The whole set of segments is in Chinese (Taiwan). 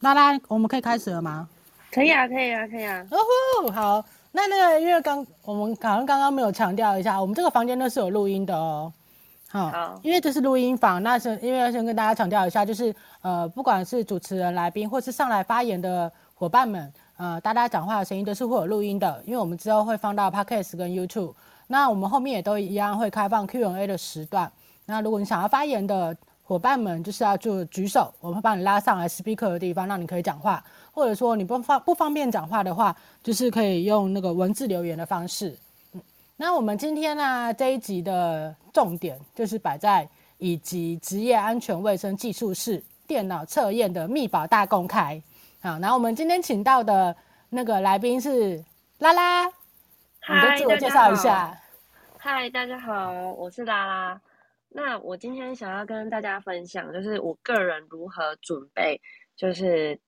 那啦，啦，我們可以開始了嗎？可以啊，可以啊，可以啊！哦吼，好。那那個因為剛我們好像剛剛沒有強調一下，我們這個房間呢是有錄音的哦，好。好，因為這是錄音房。那先因為要先跟大家強調一下，就是呃，不管是主持人、來賓、或是上來發言的伙伴們，呃，大家講話的聲音都是會有錄音的，因為我們之後會放到 Podcast 跟 YouTube。那我們後面也都一樣會開放 Q&A 的時段。那如果你想要發言的，夥伴們，就是要做舉手，我們會幫你拉上來 speaker 的地方，讓你可以講話。或者說你不方不方便講話的話，就是可以用那個文字留言的方式。那我們今天呢、啊、這一集的重點就是擺在乙級職業安全衛生技術士電腦測驗的秘寶大公開。好，然後我們今天請到的那個來賓是 Clara，你自我介紹一下。嗨，Hi, 大家好，我是 Clara。那我今天想要跟大家分享，就是我個人如何準備，就是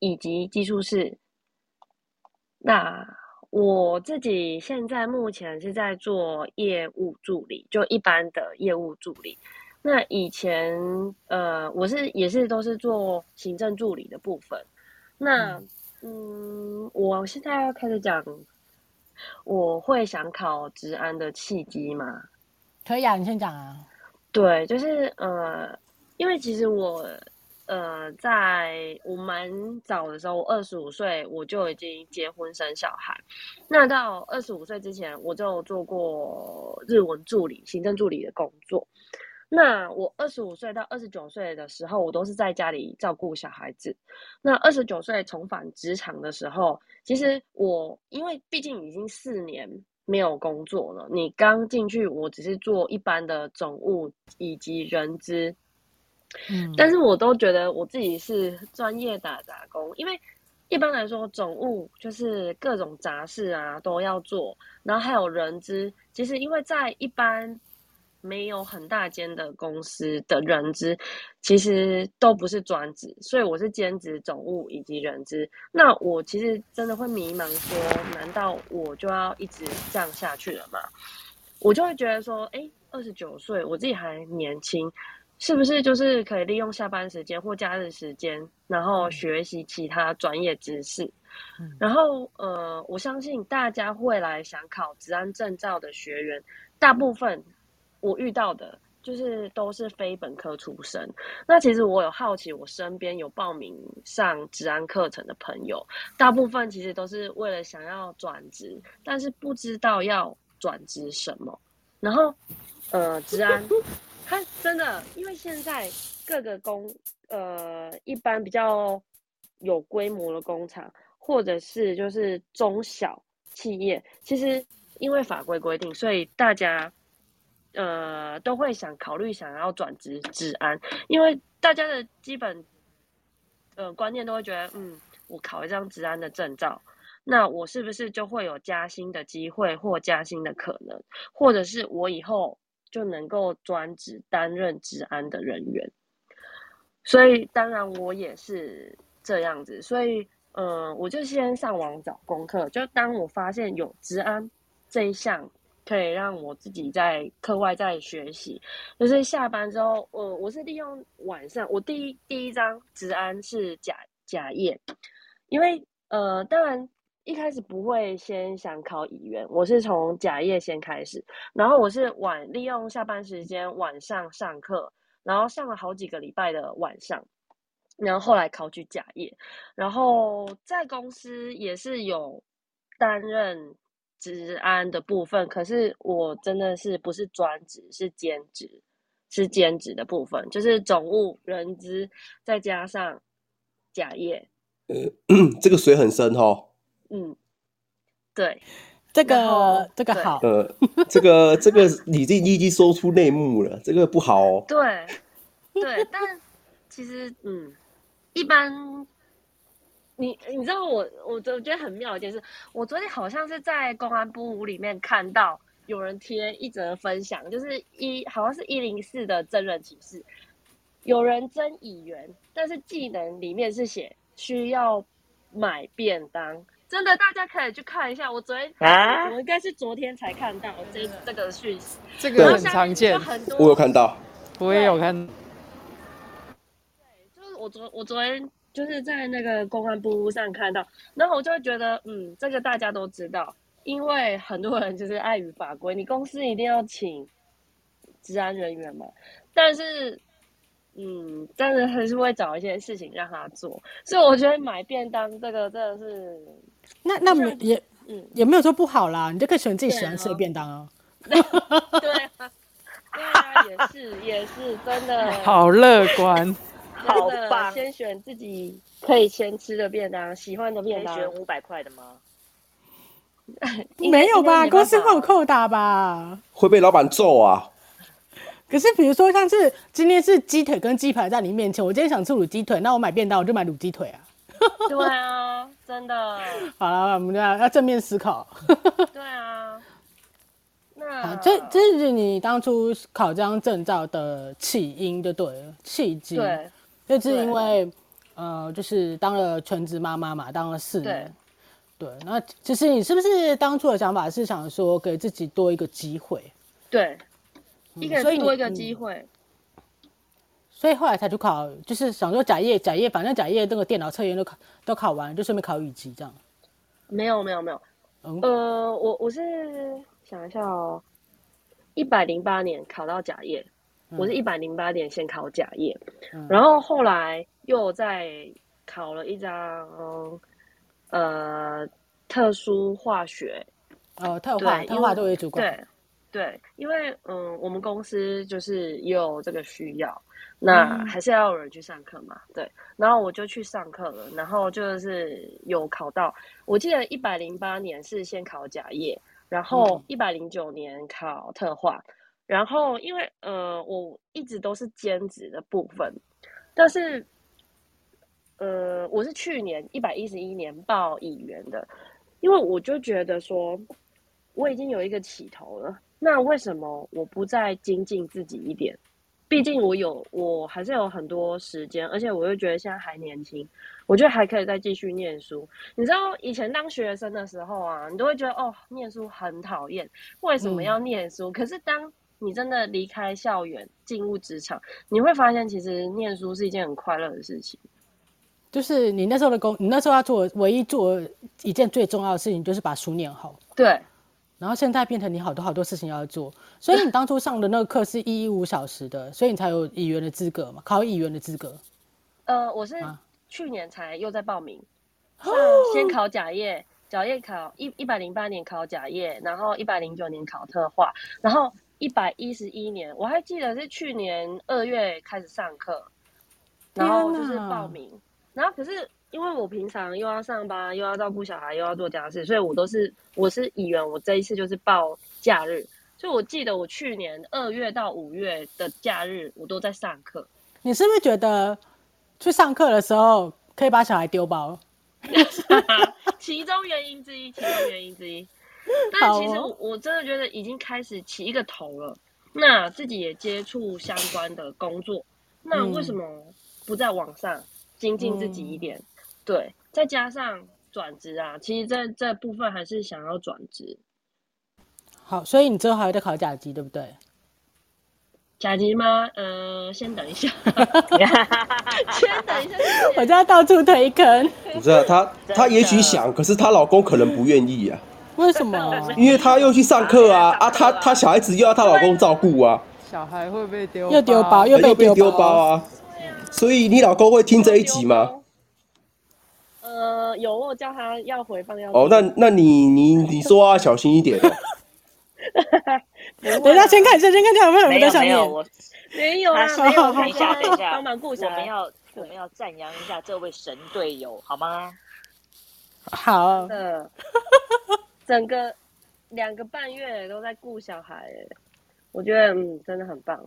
乙級技術士。那我自己現在目前是在做業務助理，就一般的業務助理。那以前呃，我是也是都是做行政助理的部分。那嗯、嗯，我現在要開始講，我會想考職安的契機嗎？可以啊，你先講啊。對，就是呃，因為其實我，呃，在我蠻早的時候，我二十五歲我就已經結婚生小孩。那到二十五歲之前，我就做過日文助理、行政助理的工作。那我二十五歲到二十九歲的時候，我都是在家裡照顧小孩子。那二十九歲重返職場的時候，其實我因為畢竟已經四年。沒有工作了，你剛進去，我只是做一般的總務以及人資，嗯，但是我都覺得我自己是專業打雜工，因為一般來說總務就是各種雜事啊都要做，然後還有人資，其實因為在一般，沒有很大間的公司的人資，其實都不是專職，所以我是兼職總務以及人資。那我其實真的會迷茫，說難道我就要一直這樣下去了嗎？我就會覺得說，哎，二十九歲，我自己還年輕，是不是就是可以利用下班時間或假日時間，然後學習其他專業知識？嗯、然後，呃，我相信大家會來想考職安證照的學員，大部分。我遇到的就是都是非本科出身。那其實我有好奇，我身邊有報名上職安課程的朋友，大部分其實都是為了想要轉職，但是不知道要轉職什麼。然後，呃，職安 它真的，因為現在各個工，呃，一般比較有規模的工廠，或者是就是中小企業，其實因為法規規定，所以大家。呃，都會想考慮想要轉職職安，因為大家的基本呃觀念都會覺得，嗯，我考一張職安的證照，那我是不是就會有加薪的機會或加薪的可能，或者是我以後就能夠專職擔任職安的人員？所以當然我也是這樣子，所以嗯、呃，我就先上網找功課，就當我發現有職安這一項。可以讓我自己在課外再學習，就是下班之後，我、呃、我是利用晚上，我第一第一張職安是甲甲業，因為呃，當然一開始不會先想考乙員，我是從甲業先開始，然後我是晚利用下班時間晚上上課，然後上了好幾個禮拜的晚上，然後後來考取甲業，然後在公司也是有擔任。職安的部分，可是我真的是不是專職，是兼職，是兼職的部分，就是總務、人資，再加上甲業、呃。這個水很深哦。嗯，對，這個這個好，呃、這個這個你已經說出內幕了，這個不好、哦。 對，對，但其實嗯，一般。你你知道我我昨我覺得很妙一件事，我昨天好像是在工安部屋裡面看到有人貼一則分享，就是一好像是一零四的徵人啟事。有人徵演員，但是技能裡面是寫需要買便當，真的大家可以去看一下。我昨天啊、哎，我應該是昨天才看到這、啊、這個訊息，這個很常見，我有看到，我也有看。就是我昨我昨天。就是在那個公安部上看到，然後我就會覺得，嗯，這個大家都知道，因為很多人就是礙於法規，你公司一定要請，職安人員嘛。但是，嗯，但是還是會找一些事情讓他做，所以我覺得買便當這個真的是，那那麼也，也，嗯，也沒有說不好啦，你就可以選自己喜歡吃的便當，喔哦、 啊。對啊，對啊，對啊， 也是也是真的，好樂觀。 好的，吧，先選自己可以先吃的便當，喜歡的便當。選五百塊的嗎？沒有吧，公司會有扣打吧？會被老板揍啊！可是，比如說，像是今天是雞腿跟雞排在你面前，我今天想吃滷雞腿，那我買便當，我就買滷雞腿啊。 對啊，真的。好了，我們就要正面思考。 對啊。那這這是你當初考這張證照的起因，就對了，契機。對。就，就是因為，呃，就是當了全職媽媽嘛，當了四年。對。那其實你是不是當初的想法是想說給自己多一個機會？對。一個人多一個機會所、嗯。所以後來才去考，就是想說甲業，甲業，反正甲業那個電腦測驗都考，都考完，就順便考乙級這樣。沒有，沒有，沒有。嗯。呃，我我是想一下哦，一百零八年考到甲業。我是一百零八年先考甲業，嗯，然後後來又再考了一張，呃，特殊化學，呃、哦，特化，特化作為主管，對，對，因為嗯，我們公司就是有這個需要，那還是要有人去上課嘛，嗯、對，然後我就去上課了，然後就是有考到，我記得一百零八年是先考甲業，然後一百零九年考特化。嗯然後，因為呃，我一直都是兼職的部分，但是呃，我是去年一百一十一年報乙員的，因為我就覺得說我已經有一個起頭了，那為什麼我不再精進自己一點？畢竟我有，我還是有很多時間，而且我又覺得現在還年輕，我覺得還可以再繼續唸書。你知道以前當學生的時候啊，你都會覺得哦，唸書很討厭，為什麼要唸書？可是當你真的離開校園進入職場，你會發現其實念書是一件很快樂的事情。就是你那時候的工，你那時候要做唯一做一件最重要的事情，就是把書念好。對。然後現在變成你好多好多事情要做，所以你當初上的那個課是一一五小時的， 所以你才有乙安的資格嘛？考乙安的資格。呃，我是去年才又在報名，啊哦啊、先考甲業，甲業考一一百零八年考甲業，然後一百零九年考特化，然後。一百一十一年，我還記得是去年二月開始上課，然後就是報名，然後可是因為我平常又要上班，又要照顧小孩，又要做家事，所以我都是，我是以員，我這一次就是報假日，所以我記得我去年二月到五月的假日我都在上課。你是不是覺得去上課的時候可以把小孩丟包？ 其中原因之一，其中原因之一。 但其實我、哦、我真的覺得已經開始起一個頭了。那自己也接觸相關的工作，那為什麼不在網上、嗯、精進自己一點、嗯？對，再加上轉職啊，其實這這部分還是想要轉職。好，所以你之後還要考甲級，對不對？甲級嗎？嗯、呃，先等一下， 先等一下，謝謝我就要到處推坑。不 是，她她也許想，可是她老公可能不願意啊。為什麼、啊？因為她又去上課啊，啊！啊，她小孩子又要她老公照顧啊！小孩會不會丟，又丟包，又被丟包啊，包啊、嗯！所以你老公會聽這一集嗎？呃，有，我叫他要回放，要回。哦，那那你你你說啊， 小心一點、啊。等一下，先看一下，先看先看有沒有什麼想念。沒有，沒有，沒有啊！好好好，等一下，等一下，幫忙顧一下，我們要我們要讚揚一下這位神隊友，好嗎？好。真、呃 整個兩個半月都在顧小孩，我覺得、嗯、真的很棒。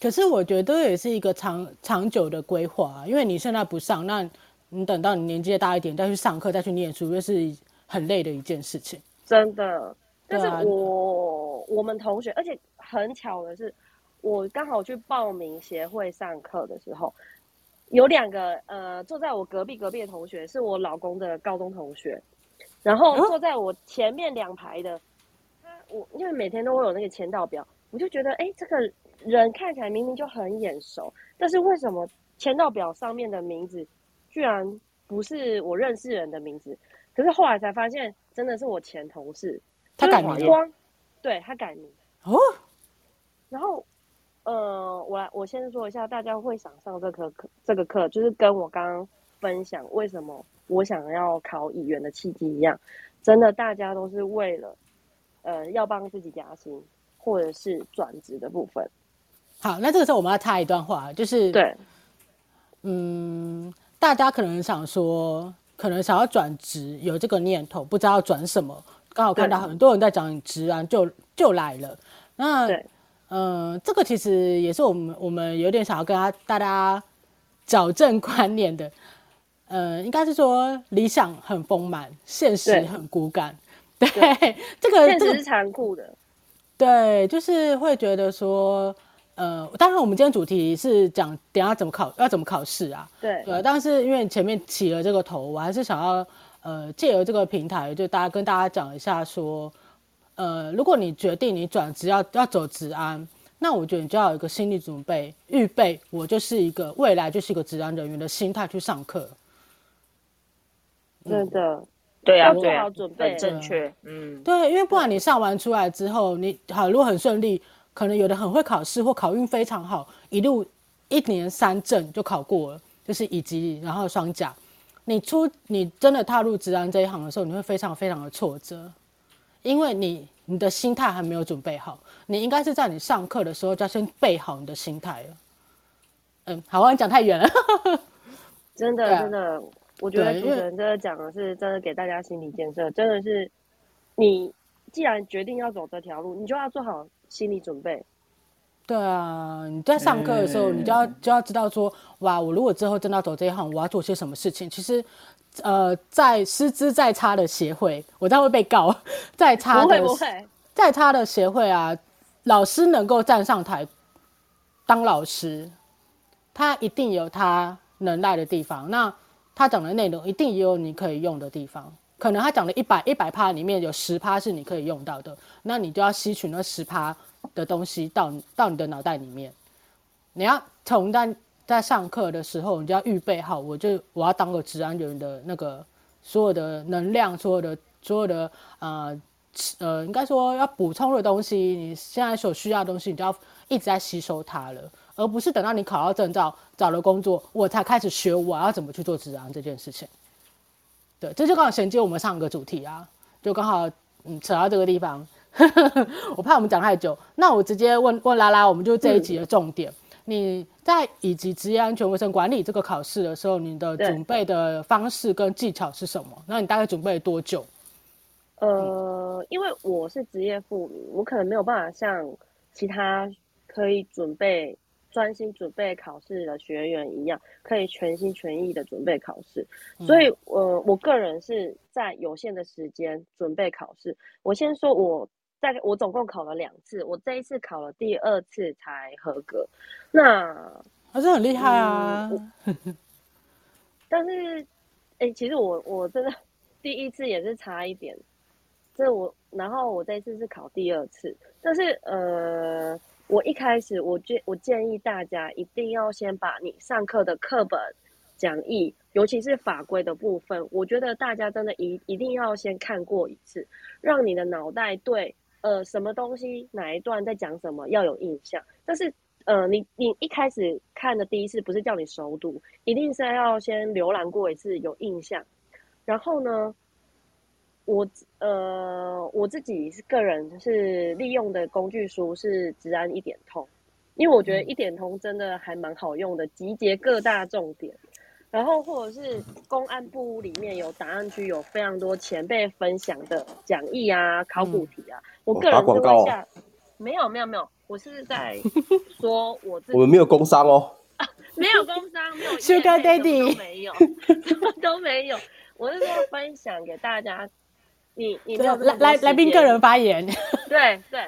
可是我覺得也是一個長長久的規劃，因為你現在不上，那你等到你年紀大一點再去上課再去念書，又、就是很累的一件事情。真的。但是我，我、啊、我們同學，而且很巧的是，我剛好去報名協會上課的時候，有兩個呃坐在我隔壁隔壁的同學，是我老公的高中同學。然後坐在我前面兩排的他，我因為每天都會有那個簽到表，我就覺得哎，這個人看起來明明就很眼熟，但是為什麼簽到表上面的名字居然不是我認識人的名字？可是後來才發現，真的是我前同事，他改名了，對，他改名，他改名哦。然後，呃，我來，我先說一下，大家會想上這個課課這個課，就是跟我剛剛分享為什麼。我想要考乙安的契機一樣，真的，大家都是為了，呃，要幫自己加薪或者是轉職的部分。好，那這個時候我們要插一段話，就是，對，嗯，大家可能想說，可能想要轉職，有這個念頭，不知道要轉什麼，剛好看到很多人在講職安，就就來了。那對，嗯，這個其實也是我們我們有點想要跟他大家矯正觀念的。呃，應該是說理想很豐滿，現實很骨感。對，這個現實是殘酷的。對，就是會覺得說，呃，當然我們今天主題是講，等下怎麼考，要怎麼考試啊？對，對、呃。但是因為前面起了這個頭，我還是想要，呃，借由這個平台，就大家跟大家講一下說，呃，如果你決定你轉職要要走職安，那我覺得你就要有一個心理準備，預備我就是一個未來就是一個職安人員的心態去上課。真的、嗯，對啊，要做好準備，正確。嗯，對，因為不然你上完出來之後，你好，如果很順利，可能有的很會考試或考運非常好，一路一年三證就考過了，就是乙級，然後雙甲。你出你真的踏入職安這一行的時候，你會非常非常的挫折，因為你你的心態還沒有準備好。你應該是在你上課的時候就要先備好你的心態了。嗯，好，好，你講太遠了。真的，真的。我覺得主持人真的講的是真的，給大家心理建設，真的是，你既然決定要走這條路，你就要做好心理準備。對啊，你在上課的時候，你就要、欸、就要知道說，哇，我如果之後真的要走這一行，我要做些什麼事情？其實，呃，在師資再差的協會，我倒會被告。再差的不會不會。再差的協會啊，老師能夠站上台當老師，他一定有他能耐的地方。那。他講的內容一定也有你可以用的地方，可能他講的一百一百趴裡面有十趴是你可以用到的，那你就要吸取那十趴的東西到到你的腦袋裡面。你要從在在上課的時候，你就要預備好，我就我要當個職安員的那個所有的能量，所有的所有的呃呃，應該說要補充的東西，你現在所需要的東西，你就要一直在吸收它了。而不是等到你考到證照、找了工作，我才開始學我要怎麼去做職安這件事情。對，這就剛好銜接我們上個主題啊，就剛好嗯扯到這個地方。 我怕我們講太久，那我直接問問 Clara，我們就這一集的重點。嗯、你在乙級職業安全衛生管理這個考試的時候，你的準備的方式跟技巧是什麼？那你大概準備了多久？呃，嗯、因為我是職業婦女，我可能沒有辦法像其他可以準備。專心準備考試的學員一樣，可以全心全意的準備考試。嗯。所以，我、呃、我個人是在有限的時間準備考試。我先說我，我大概我總共考了兩次，我這一次考了第二次才合格。那還是、啊、很厲害啊！嗯呃、 但是，哎、欸，其實我我真的第一次也是差一點。這我，然後我這一次是考第二次，但是呃。我一開始，我建、我建議大家一定要先把你上課的課本、講義，尤其是法規的部分，我覺得大家真的，一一定要先看過一次，讓你的腦袋對，呃，什麼東西哪一段在講什麼要有印象。但是，呃，你、你一開始看的第一次不是叫你熟讀，一定是要先瀏覽過一次有印象，然後呢？我呃，我自己是個人是利用的工具書是職安一點通，因為我覺得一點通真的還蠻好用的，集結各大重點，然後或者是公安部裡面有檔案區，有非常多前輩分享的講義啊、嗯、考古題啊。我個人是問下我打廣告、啊。沒有沒有沒有，我是在說我自己。 我們沒有工商哦 、啊。沒有工商，沒有 Sugar Daddy，什麼都沒有，都沒有。我就是要分享給大家。你你來來來賓個人發言，對對，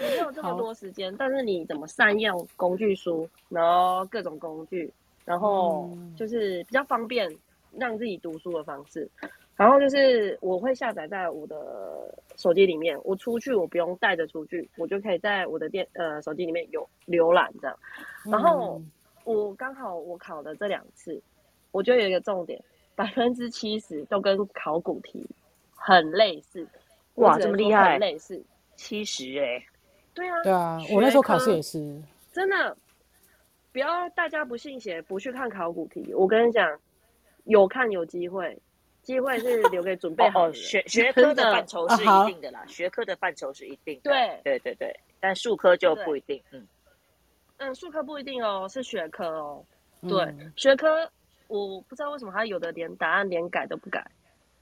沒有這麼多時間， 但是你怎麼善用工具書，然後各種工具，然後就是比較方便讓自己讀書的方式，嗯、然後就是我會下載在我的手機裡面，我出去我不用帶着出去，我就可以在我的電呃手機裡面有瀏覽這樣，然後我剛好我考的這兩次，我覺得有一個重點，百分之七十都跟考古題。很類，的很類似，哇，這麼厲害！很類似，七十哎、欸，對啊，對啊，我那時候考試也是真的。不要大家不信邪，不去看考古題。我跟你講，有看有機會，機會是留給準備好的、 哦哦。學學科的範疇是一定的啦， 學科的範疇是一定的。Uh -huh. 對對對對，但術科就不一定。嗯，嗯，術科不一定哦，是學科哦。嗯、對學科，我不知道為什麼他有的連答案連改都不改，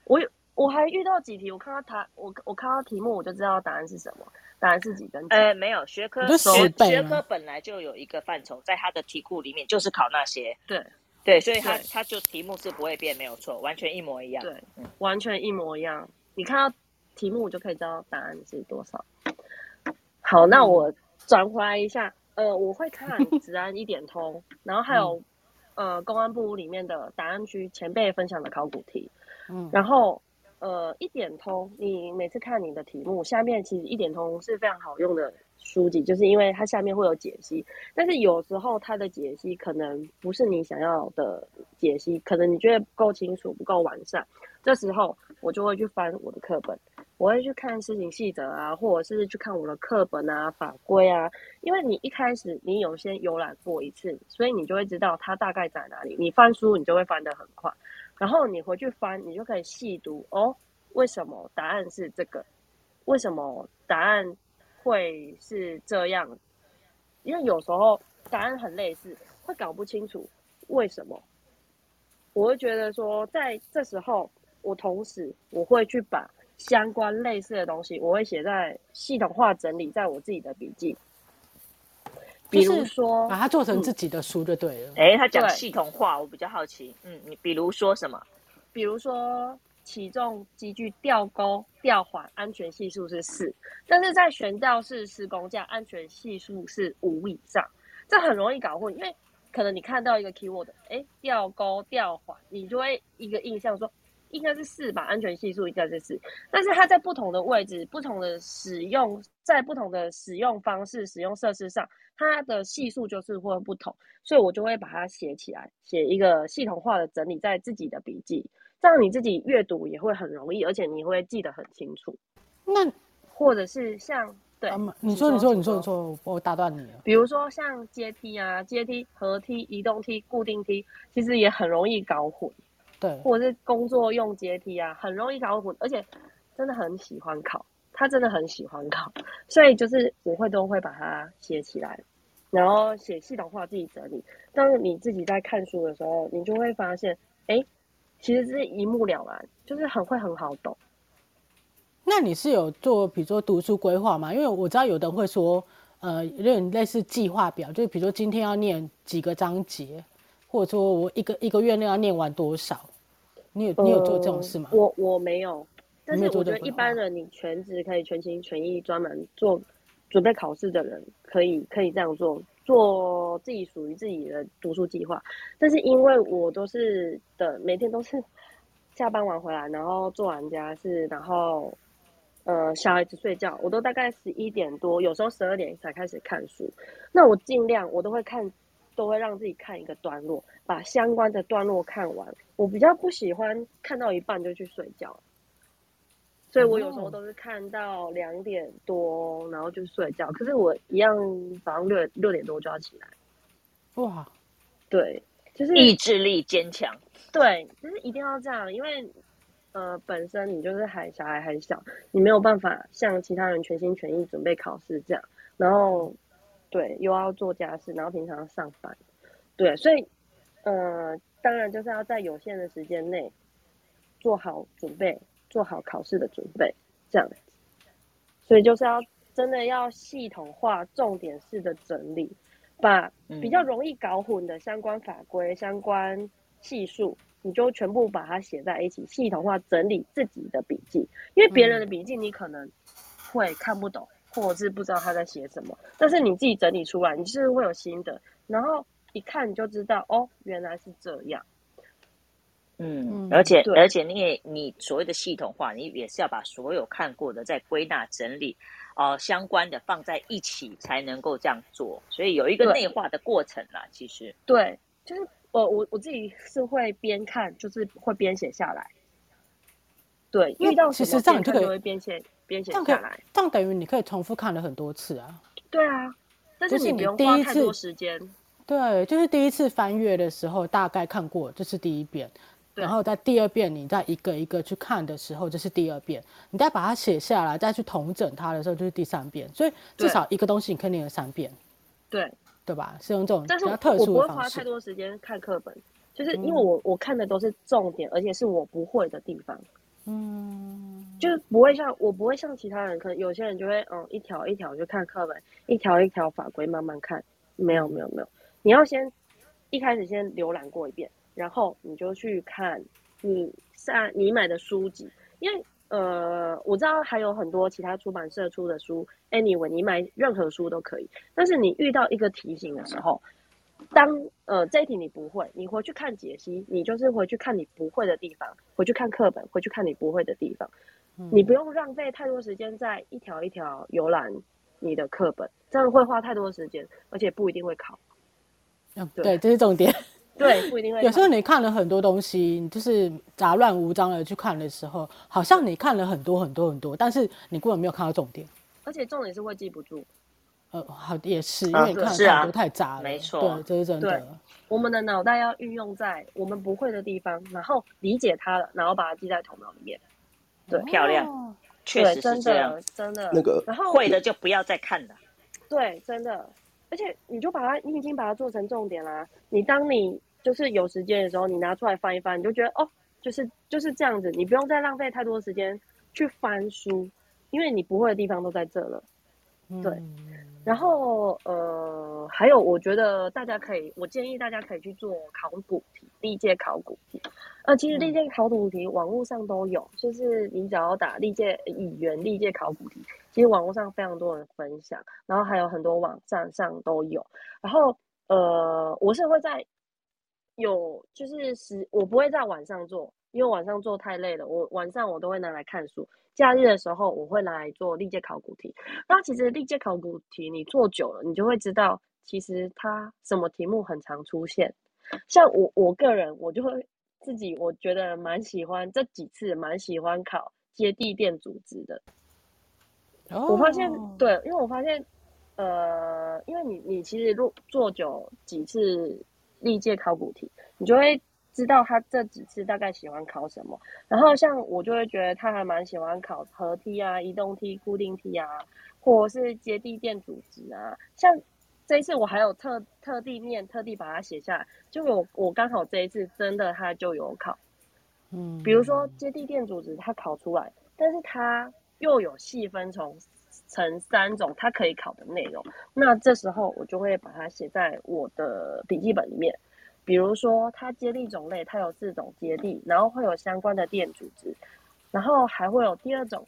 我有。我還遇到幾題，我看到他，我我看到題目，我就知道答案是什麼，答案是幾根。呃、欸，沒有學科學，學科本來就有一個範疇，在他的題庫裡面就是考那些。對對，所以他他就題目是不會變，沒有錯，完全一模一樣。對，完全一模一樣。嗯、你看到題目，我就可以知道答案是多少。好，那我轉回來一下、嗯，呃，我會看《職安一點通，》 然後還有、嗯、呃公安部裡面的答案區前輩分享的考古題，嗯，然後。呃，一點通，你每次看你的題目下面，其實一點通是非常好用的書籍，就是因為它下面會有解析。但是有時候它的解析可能不是你想要的解析，可能你覺得不夠清楚、不夠完善。這時候我就會去翻我的課本，我會去看施行細則啊，或者是去看我的課本啊、法規啊。因為你一開始你有先瀏覽過一次，所以你就會知道它大概在哪裡。你翻書，你就會翻得很快。然後你回去翻，你就可以細讀哦。為什麼答案是這個？為什麼答案會是這樣？因為有時候答案很類似，會搞不清楚為什麼。我會覺得說，在這時候，我同時我會去把相關類似的東西，我會寫在系統化整理在我自己的筆記。比如、就是、說把它做成自己的書就對了。哎、嗯欸，他講系統化，我比較好奇。嗯，你比如說什麼？比如說起重機具吊鈎吊環安全係數是四，但是在懸吊式施工架安全係數是五以上。這很容易搞混，因為可能你看到一個 keyword，哎、欸，吊鈎吊環，你就會一個印象說應該是四吧，安全係數應該是四。但是它在不同的位置、不同的使用。在不同的使用方式、使用設施上，它的係數就是會不同，所以我就會把它寫起來，寫一個系統化的整理在自己的筆記，這樣你自己閱讀也會很容易，而且你會記得很清楚。那或者是像對、啊，你說你說你說你說，我打斷你。比如說像階梯啊、階梯、合梯、移動梯、固定梯，其實也很容易搞混。對，或者是工作用階梯啊，很容易搞混，而且真的很喜歡考。他真的很喜歡考，所以就是我會都會把它寫起來，然後寫系統化自己整理。當你自己在看書的時候，你就會發現，哎、欸，其實這是一目了然，就是很會很好懂。那你是有做，比如說讀書規劃嗎？因為我知道有的人會說，呃，類類似計劃表，就是比如說今天要念幾個章節，或者說我一個一個月內要念完多少？你有你有做這種事嗎？呃、我我沒有。但是我覺得一般人，你全職可以全心全意專門做準備考試的人，可以可以這樣做，做自己屬於自己的讀書計劃。但是因為我都是的，每天都是下班晚回來，然後做完家事，然後呃小孩子睡覺，我都大概十一點多，有時候十二點才開始看書。那我盡量我都會看，都會讓自己看一個段落，把相關的段落看完。我比較不喜歡看到一半就去睡覺。所以我有時候都是看到兩點多，oh. 然後就睡覺。可是我一樣早上六六點多就要起來。哇、wow.，對，就是意志力堅強。對，就是一定要這樣，因為呃，本身你就是還小孩還小，你沒有辦法像其他人全心全意準備考試這樣。然後，對，又要做家事，然後平常要上班，對，所以呃，當然就是要在有限的時間內做好準備。做好考試的準備，這樣，所以就是要真的要系統化、重點式的整理，把比較容易搞混的相關法規、相關係數，你就全部把它寫在一起，系統化整理自己的筆記。因為別人的筆記你可能會看不懂，或者是不知道他在寫什麼，但是你自己整理出來，你是不是會有心得，然後一看你就知道哦，原來是這樣。嗯，而且而且你也你所謂的系統化，你也是要把所有看過的再歸納整理，哦、呃、相關的放在一起才能夠這樣做，所以有一個內化的過程啦。其實對，就是我我我自己是會邊看就是會邊寫下來，對，因為遇到因為其實這樣就可以邊寫邊寫下來，這樣，這樣等於你可以重複看了很多次啊。對啊，但是你不用花太多時間。對，就是第一次翻閱的時候大概看過，這、就是第一遍。然後在第二遍，你再一個一個去看的時候，就是第二遍；你再把它寫下來，再去統整它的時候，就是第三遍。所以至少一個東西，你肯定有三遍。對，對吧？是用這種比較特殊的。但是，我我不會花太多時間看課本，就是因為我、嗯、我看的都是重點，而且是我不會的地方。嗯，就是不會像我不會像其他人，可能有些人就會嗯一條一條就看課本，一條一條法規慢慢看。沒有沒有沒有，你要先一開始先瀏覽過一遍。然後你就去看你上你買的書籍，因為呃我知道還有很多其他出版社出的書，anyway 你買任何書都可以。但是你遇到一個題型的時候，當呃這一題你不會，你回去看解析，你就是回去看你不會的地方，回去看課本，回去看你不會的地方，嗯、你不用浪費太多時間在一條一條游覽你的課本，這樣會花太多時間，而且不一定會考。嗯、對，對，這是重點。對，不一定會。有時候你看了很多東西，就是雜亂無章的去看的時候，好像你看了很多很多很多，但是你根本沒有看到重點。而且重點是會記不住。呃，好，也是因為你看的太多太雜了，啊啊、沒錯，對，這是真的。我們的腦袋要運用在我們不會的地方，然後理解它了，然後把它記在頭腦裡面。對，漂、哦、亮，確實是這樣，對，真的真的，那個，然後會的就不要再看了。對，真的，而且你就把它，你已經把它做成重點了、啊，你當你。就是有時間的時候，你拿出來翻一翻，你就覺得哦，就是就是這樣子，你不用再浪費太多時間去翻書，因為你不會的地方都在這了。對，嗯、然後呃，還有我覺得大家可以，我建議大家可以去做考古題，歷屆考古題。呃，其實歷屆考古題網絡上都有、嗯，就是你只要打歷屆乙安歷屆考古題，其實網絡上非常多人分享，然後還有很多網站上都有。然後呃，我是會在。有，就是時我不會在晚上做，因為晚上做太累了。我晚上我都會拿來看書。假日的時候，我會拿來做歷屆考古題。那其實歷屆考古題你做久了，你就會知道，其實它什麼題目很常出現。像我我個人，我就會自己我覺得蠻喜歡這幾次蠻喜歡考接地電阻值的。Oh. 我發現對，因為我發現，呃，因為你你其實做做久幾次，歷屆考古題，你就會知道他這幾次大概喜歡考什麼。然後像我就會覺得他還蠻喜歡考合梯啊、移動梯、固定梯啊，或是接地電阻值啊。像這一次我還有特特地唸、特地把它寫下來，就有我剛好這一次真的他就有考，嗯，比如說接地電阻值他考出來，但是他又有細分成。成三種，它可以考的內容，那這時候我就會把它寫在我的筆記本裡面。比如說，它接地種類，它有四種接地，然後會有相關的電阻值，然後還會有第二種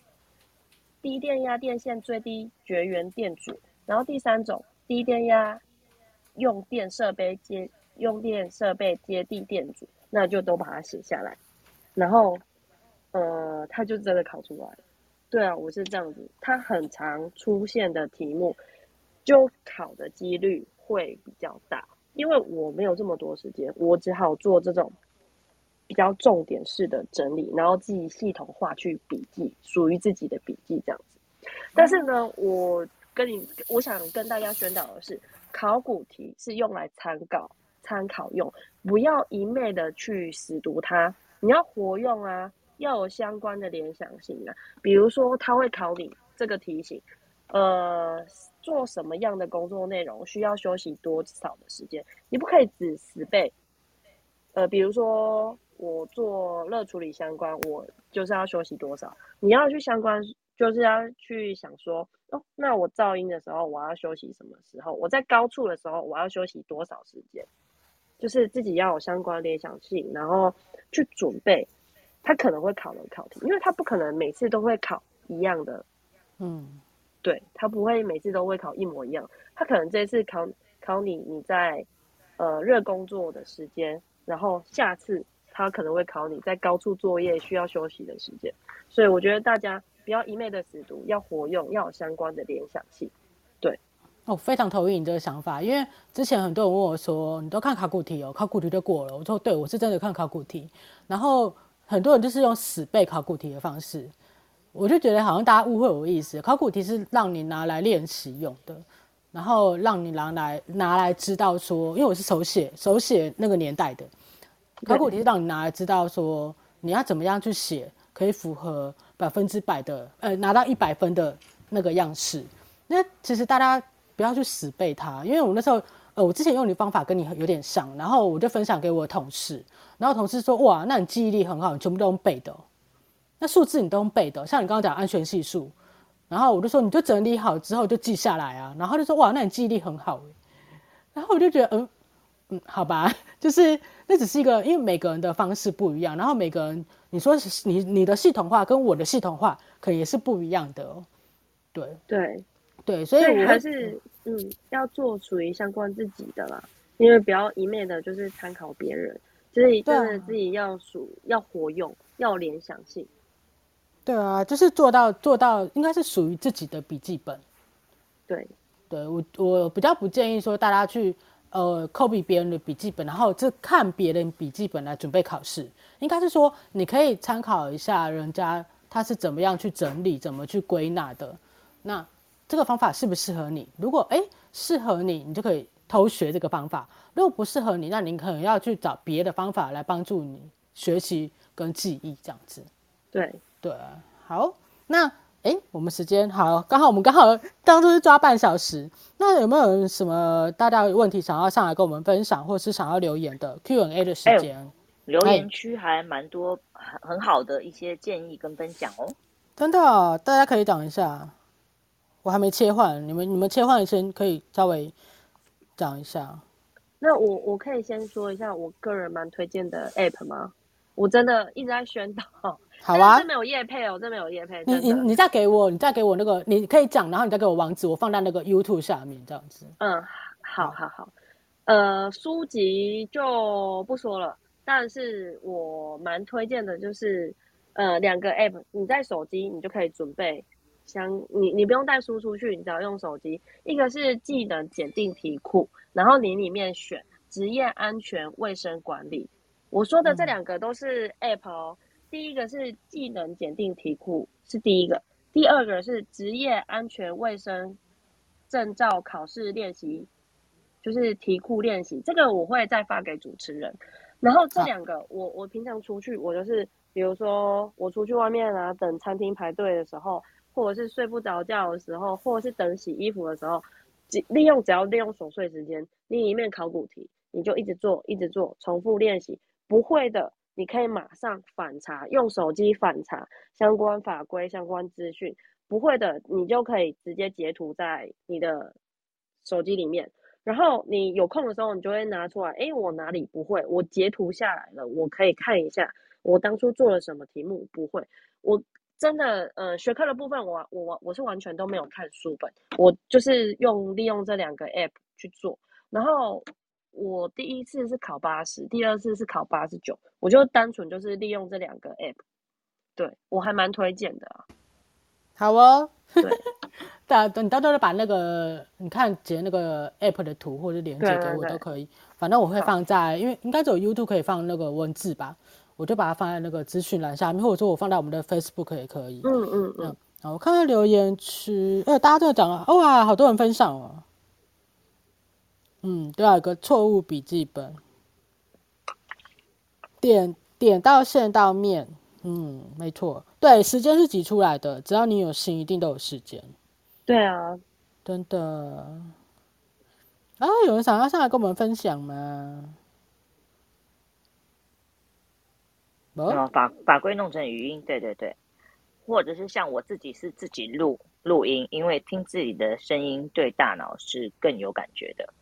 低電壓電線最低絕緣電阻，然後第三種低電壓用電設備接用電設備接地電阻，那就都把它寫下來，然後呃，它就真的考出來了。對啊，我是這樣子，它很常出現的題目，就考的幾率會比較大。因為我沒有這麼多時間，我只好做這種比較重點式的整理，然後自己系統化去筆記，屬於自己的筆記這樣子。但是呢、嗯，我跟你，我想跟大家宣導的是，考古題是用來參考、參考用，不要一昧的去死讀它，你要活用啊。要有相關的聯想性啊，比如說他會考你這個題型，呃，做什麼樣的工作內容需要休息多少的時間？你不可以只死背。呃，比如說我做熱處理相關，我就是要休息多少？你要去相關，就是要去想說，哦，那我噪音的時候我要休息什麼時候？我在高處的時候我要休息多少時間？就是自己要有相關聯想性，然後去準備。他可能會考的考題，因為他不可能每次都會考一樣的，嗯，對，他不會每次都會考一模一樣。他可能這次考考你你在呃熱工作的時間，然後下次他可能會考你在高處作業需要休息的時間。所以我覺得大家不要一昧的死讀，要活用，要有相關的聯想性。對，我、哦、非常同意你這個想法，因為之前很多人問我說，你都看考古題哦，考古題就過了。我說對，我是真的看考古題，然後。很多人就是用死背考古題的方式，我就覺得好像大家誤會我的意思。考古題是讓你拿來練習用的，然後讓你拿來拿來知道說，因為我是手寫手寫那個年代的考古題是讓你拿來知道說你要怎麼樣去寫可以符合百分之百的呃拿到一百分的那個樣式。那其實大家不要去死背它，因為我那時候。呃，我之前用你的方法跟你有點像，然後我就分享給我的同事，然後同事說：“哇，那你記憶力很好，你全部都用背的哦，那數字你都用背的。”像你剛剛講安全係數，然後我就說：“你就整理好之後就記下來啊。”然後就說：“哇，那你記憶力很好。”然後我就覺得，嗯嗯，好吧，就是那只是一個，因為每個人的方式不一樣，然後每個人你說你你的系統化跟我的系統化可也是不一樣的、哦、對對對，所以我還是。嗯，要做屬於相關自己的啦，因為不要一昧的，就是參考別人，所以真的自己要屬、啊、要活用，要聯想性。對啊，就是做到做到，應該是屬於自己的筆記本。對，對我我比較不建議說大家去呃 copy 別人的筆記本，然後就看別人筆記本來準備考試。應該是說你可以參考一下人家他是怎麼樣去整理，怎麼去歸納的。那。這個方法適不適合你？如果哎適合你，你就可以偷學這個方法；如果不適合你，那你可能要去找別的方法來幫助你學習跟記憶這樣子。對對，好。那哎，我們時間好，剛好我們剛好剛剛都是抓半小時。那有沒有什麼大家問題想要上來跟我們分享，或是想要留言的 Q&A 的時間，欸，留言區還蠻多很很好的一些建議跟分享哦。欸、真的、哦，大家可以講一下。我還沒切換，你們你們切換以前可以稍微講一下。那我我可以先說一下我個人蠻推薦的 app 嗎？我真的一直在宣導。好啊。真沒有業配喔，真沒有業配。你你你再給我，你再給我那個，你可以講，然後你再給我網址，我放在那個 YouTube 下面這樣子。嗯，好好好。呃，書籍就不說了，但是我蠻推薦的就是呃兩個 app，你在手機你就可以準備。想，你你不用帶書出去，你只要用手機，一個是技能檢定題庫，然後你裡面選職業安全衛生管理。我說的這兩個都是 app 哦。嗯。第一個是技能檢定題庫是第一個，第二個是職業安全衛生證照考試練習，就是題庫練習。這個我會再發給主持人。然後這兩個，啊。我我平常出去，我就是比如說我出去外面啊，等餐廳排隊的時候，或者是睡不着覺的時候，或者是等洗衣服的時候，只利用只要利用瑣碎時間，另一面考古題，你就一直做，一直做，重複練習。不會的，你可以馬上反查，用手機反查相關法規、相關資訊。不會的，你就可以直接截圖在你的手機裡面。然後你有空的時候，你就會拿出來，誒、欸，我哪裡不會？我截圖下來了，我可以看一下我當初做了什麼題目不會，我。真的，呃，學科的部分我我我我是完全都沒有看書本，我就是用利用這兩個 app 去做。然後我第一次是考八十，第二次是考八十九，我就單純就是利用這兩個 app，對我還蠻推薦的。啊、好哦，對，等、 啊、你到時候把那個你看截那個 app 的圖或者鏈接給我都可以，對對對，反正我會放在，因為應該只有 YouTube 可以放那個文字吧。我就把它放在那個資訊欄下面，或者說我放在我們的 Facebook 也可以。嗯嗯嗯。嗯好，我看到留言區，呃、欸，大家都在講啊，哦、哇，好多人分享哦。嗯，對啊，有個錯誤筆記本。點點到線到面，嗯，沒錯，對，時間是擠出來的，只要你有心，一定都有時間。對啊，真的。啊，有人想要上來跟我們分享嗎？哦，法法規弄成語音。對對對，或者是像我自己是自己錄錄音，因為聽自己的聲音對大腦是更有感覺的。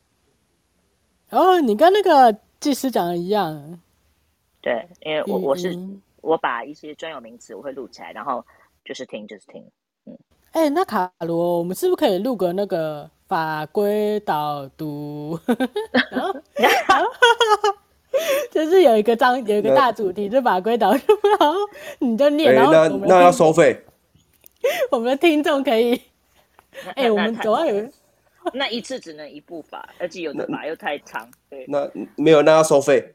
哦，你跟那個技師講的一樣。對，因為我我是、嗯、我把一些專有名詞我會錄起來，然後就是聽就是聽，嗯。哎、欸，那 Clara，我們是不是可以錄個那個法規導讀？ 就是有一個章，有一個大主題，就把它歸導 然後你就念，欸、然後那，那要收費、 欸。我們的聽眾可以，哎，我們總愛那一次只能一步吧，而且有的吧那又太長，對。那，那沒有，那要收費。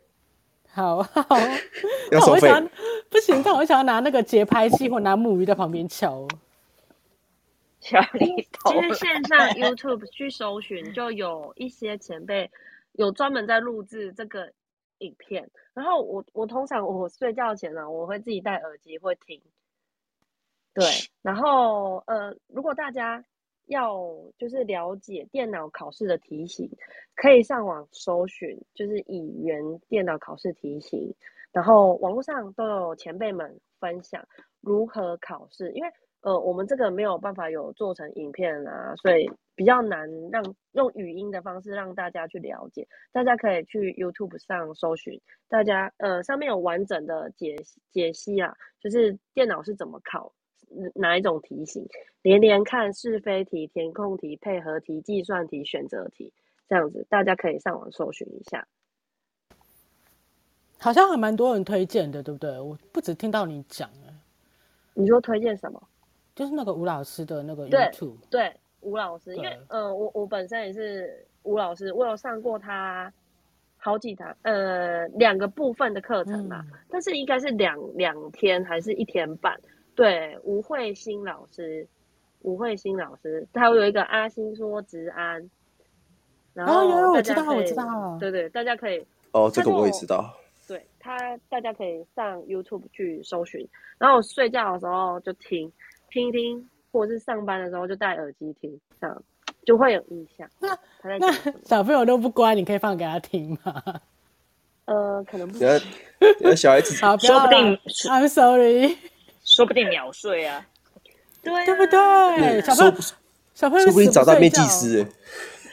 好好 我要收費。不行，但我想要拿那個節拍器或拿木魚在旁邊敲敲。其實線上 YouTube 去搜尋，就有一些前輩有專門在錄製這個。影片，然後我我通常我睡覺前呢，我會自己戴耳機會聽，對，然後呃，如果大家要就是了解電腦考試的題型，可以上網搜尋，就是以原電腦考試題型，然後網絡上都有前輩們分享如何考試，因為。呃，我們這個沒有辦法有做成影片啊，所以比較難讓用語音的方式讓大家去了解。大家可以去 YouTube 上搜尋，大家呃上面有完整的解解析啊，就是電腦是怎麼考哪一種題型，連連看、是非題、填空題、配合題、計算題、選擇題這樣子，大家可以上網搜尋一下。好像還蠻多人推薦的，對不對？我不止聽到你講了，你說推薦什麼？就是那個吳老師的那個 YouTube。對，吳老師，因為呃我我本身也是吳老師，我有上過他好幾堂，呃，兩個部分的課程嘛、啊嗯，但是應該是兩兩天還是一天半。對，吳慧欣老師，吳慧欣老師，他會有一個阿欣說職安，然後、啊、有，我知道我知道，對，對對，大家可以哦，這個我也知道，對，他大家可以上 YouTube 去搜尋，然後睡覺的時候就聽。聽聽，或者是上班的時候就戴耳機聽，這、嗯、樣就會有印象。那，那小朋友都不乖，你可以放給他聽嗎？呃，可能不行。小孩子 好，說不定。I'm sorry，說不定秒睡啊，啊。對，對不對？小朋友，小朋友會找到面技師，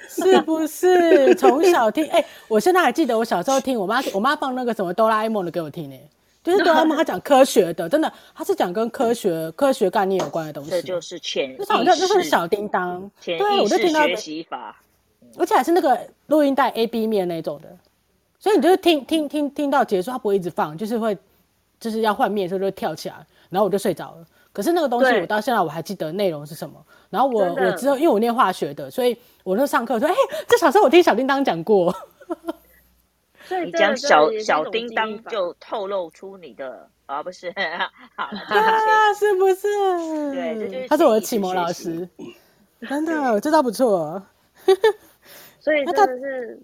是不是？從小聽，哎、 欸，我現在還記得我小時候聽 我媽，我媽放那個什麼哆啦 A 夢的給我聽呢、欸。就是對他們，他講科學的， 真的，他是講跟科學、 科學概念有關的東西。這就是潛意識。好像就是小叮噹。潛意識學習法，對，我就聽到的，而且還是那個錄音帶 A、B 面那種的，所以你就是聽聽聽聽到結束，他不會一直放，就是會，就是要換面的時候就會跳起來，然後我就睡着了。可是那個東西，我到現在我還記得內容是什麼。然後我我知道，因為我念化學的，所以我那時候上課說：“哎、欸，這小時候我聽小叮噹講過。”你講小這小叮噹就透露出你的啊，不是 好了 對，對啊， 是不是，是，是？他是我的啟蒙老師， 真的 這倒不錯，啊。 所以真的是，啊、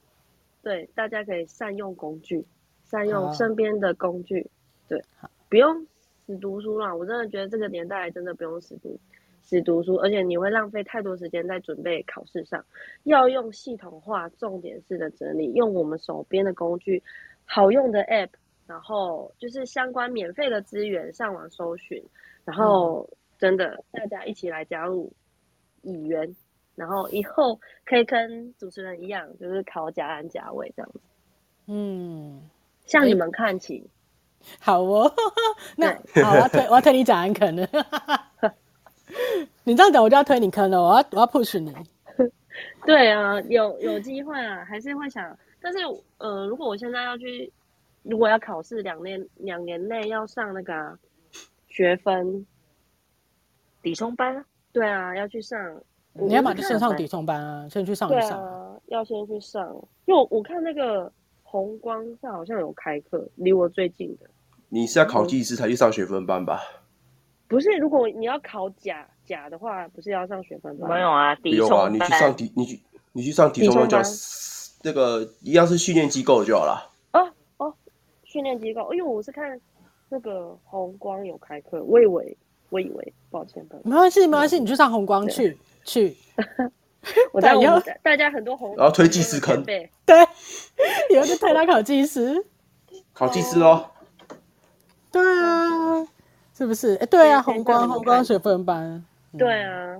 對，大家可以善用工具，善用身邊的工具，好啊，對好，不用死讀書了。我真的覺得這個年代真的不用死讀。只讀書，而且你會浪費太多時間在準備考試上。要用系統化、重點式的整理，用我們手邊的工具、好用的 App，然後就是相關免費的資源上網搜尋。然後真的、嗯，大家一起來加入以圓，然後以後可以跟主持人一樣，就是考甲安甲衛這樣子。嗯，向你們看齊、欸。好哦，呵呵那好，我要我推你找安肯的。 你這樣講我就要推你坑了，我要我要 push 你。 對啊，有有機會啊，還是會想。但是呃，如果我現在要去，如果要考試，兩年兩年內要上那個學分 抵充班。對啊，要去上。你要嘛就先上抵充班啊、嗯，先去上一上對、啊。要先去上，因為我，我看那個弘光上好像有開課，離我最近的。你是要考技師才去上學分班吧？嗯、不是，如果你要考甲。假的話不是要上學分班？沒有啊，體有啊，你去上底，你去你去上底中班，教那、這個一樣是訓練機構就好了。哦哦，訓練機構，哎呦，我是看那個紅光有開課，我以為我以為，抱歉，沒關係沒關係，你去上紅光去去。 我帶我們大家很多紅，然後推技師坑，對，你 要就推他考技師，考技師囉。對啊，嗯、是不是？哎、欸，對啊，嘿嘿嘿嘿紅光紅光學分班。對啊，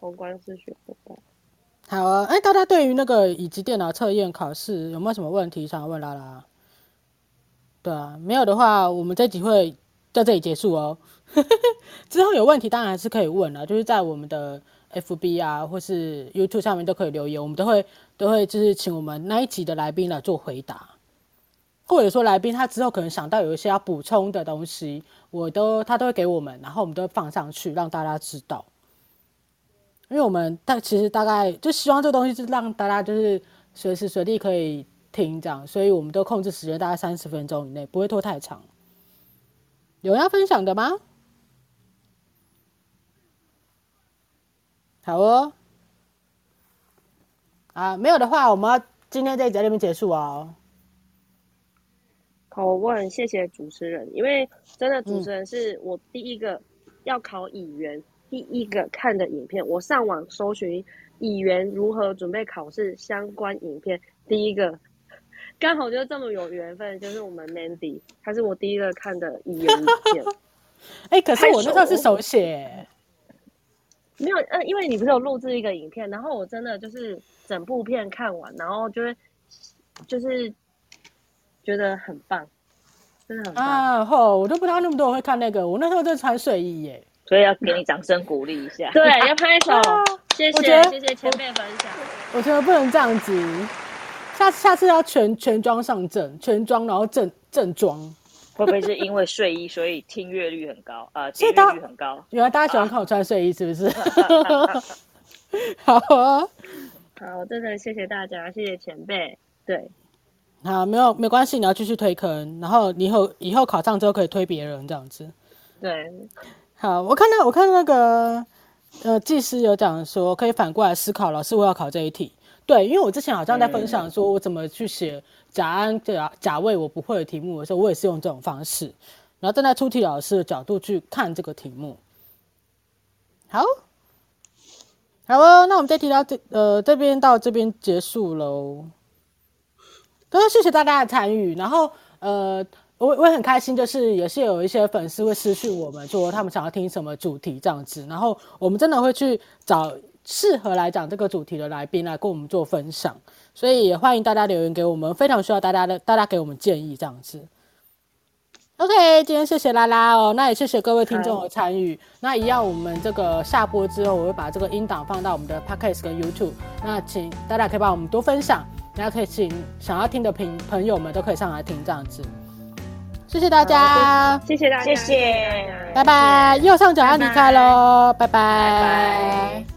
宏觀視覺報告。好啊，哎，大家對於那個以及電腦測驗考試，有沒有什麼問題想要問拉拉？對啊，沒有的話，我們這集會在這裡結束哦。 之後有問題當然還是可以問了，就是在我們的 FB 啊或是 YouTube 上面都可以留言，我們都會都會就是請我們那一集的來賓來做回答。或者說來賓他之後可能想到有一些要補充的東西，我都他都會給我們，然後我們都會放上去讓大家知道。因為我們大其實大概就希望這個東西是讓大家就是隨時隨地可以聽這樣，所以我們都控制時間大概三十分鐘以內，不會拖太長。有要分享的嗎？好哦。啊，沒有的話，我們要今天在這一集就結束哦。好、oh, 我很謝謝主持人。因為真的，主持人是我第一個要考乙安第一個看的影片。嗯、我上網搜尋乙安如何準備考試相關影片，第一個剛好就這麼有緣分，就是我們 Mandy，她是我第一個看的乙安影片。哎，可是我那時候是手寫，沒有，呃，因為你不是有錄制一個影片，然後我真的就是整部片看完，然後就是就是。覺得很棒，真的很棒啊！吼，我都不知道那麼多人會看那個。我那時候在穿睡衣耶、欸，所以要給你掌聲鼓勵一下、啊。對，要拍手、啊，謝謝，謝謝前輩分享。我，我覺得不能這樣子，下次下次要全全裝上陣，全裝然後正正裝。會不會是因為睡衣， 所以聽閱率很高？啊、呃、聽閱率很高。原來大家喜歡看我穿睡衣，是不是？啊、 好，啊，好，真的謝謝大家，謝謝前輩。對。好，沒有，沒關係，你要繼續推坑，然後以後以後考上之後可以推別人這樣子。對，好，我看到，我看那個呃，技師有講說，可以反過來思考，老師我要考這一題？對，因為我之前好像在分享說我怎麼去寫甲安、啊、甲衛我不會的題目的時候，我也是用這種方式，然後站在出題老師的角度去看這個題目。好，好了、哦，那我們這題到這呃這邊到這邊結束嘍。所以謝謝大家的參與，然後呃，我我也很開心，就是也是有一些粉絲會私訊我們，說他們想要聽什麼主題這樣子，然後我們真的會去找適合來講這個主題的來賓來跟我們做分享，所以也歡迎大家留言給我們，非常需要大家的，大家給我們建議這樣子。OK，今天謝謝 Clara 哦，那也謝謝各位聽眾的參與，Hello. 那一樣我們這個下播之後，我會把這個音檔放到我們的 Podcast 跟 YouTube，那請大家可以幫我們多分享。然後可以請想要聽的朋朋友們都可以上來聽這樣子，謝謝大家，謝謝大家，謝謝，拜拜，右上角要離開嘍，拜拜。